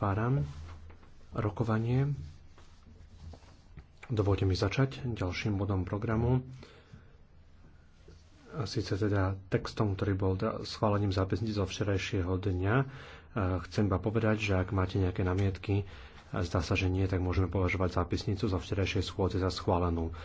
Otváram rokovanie. Dovolte mi začať ďalším bodom programu. A síce teda textom, ktorý bol schválením zápisníc zo včerajšieho dňa. Chcem iba povedať, že ak máte nejaké namietky, zdá sa, že nie, tak môžeme považovať zápisnicu zo včerajšej schôdze za schválenú.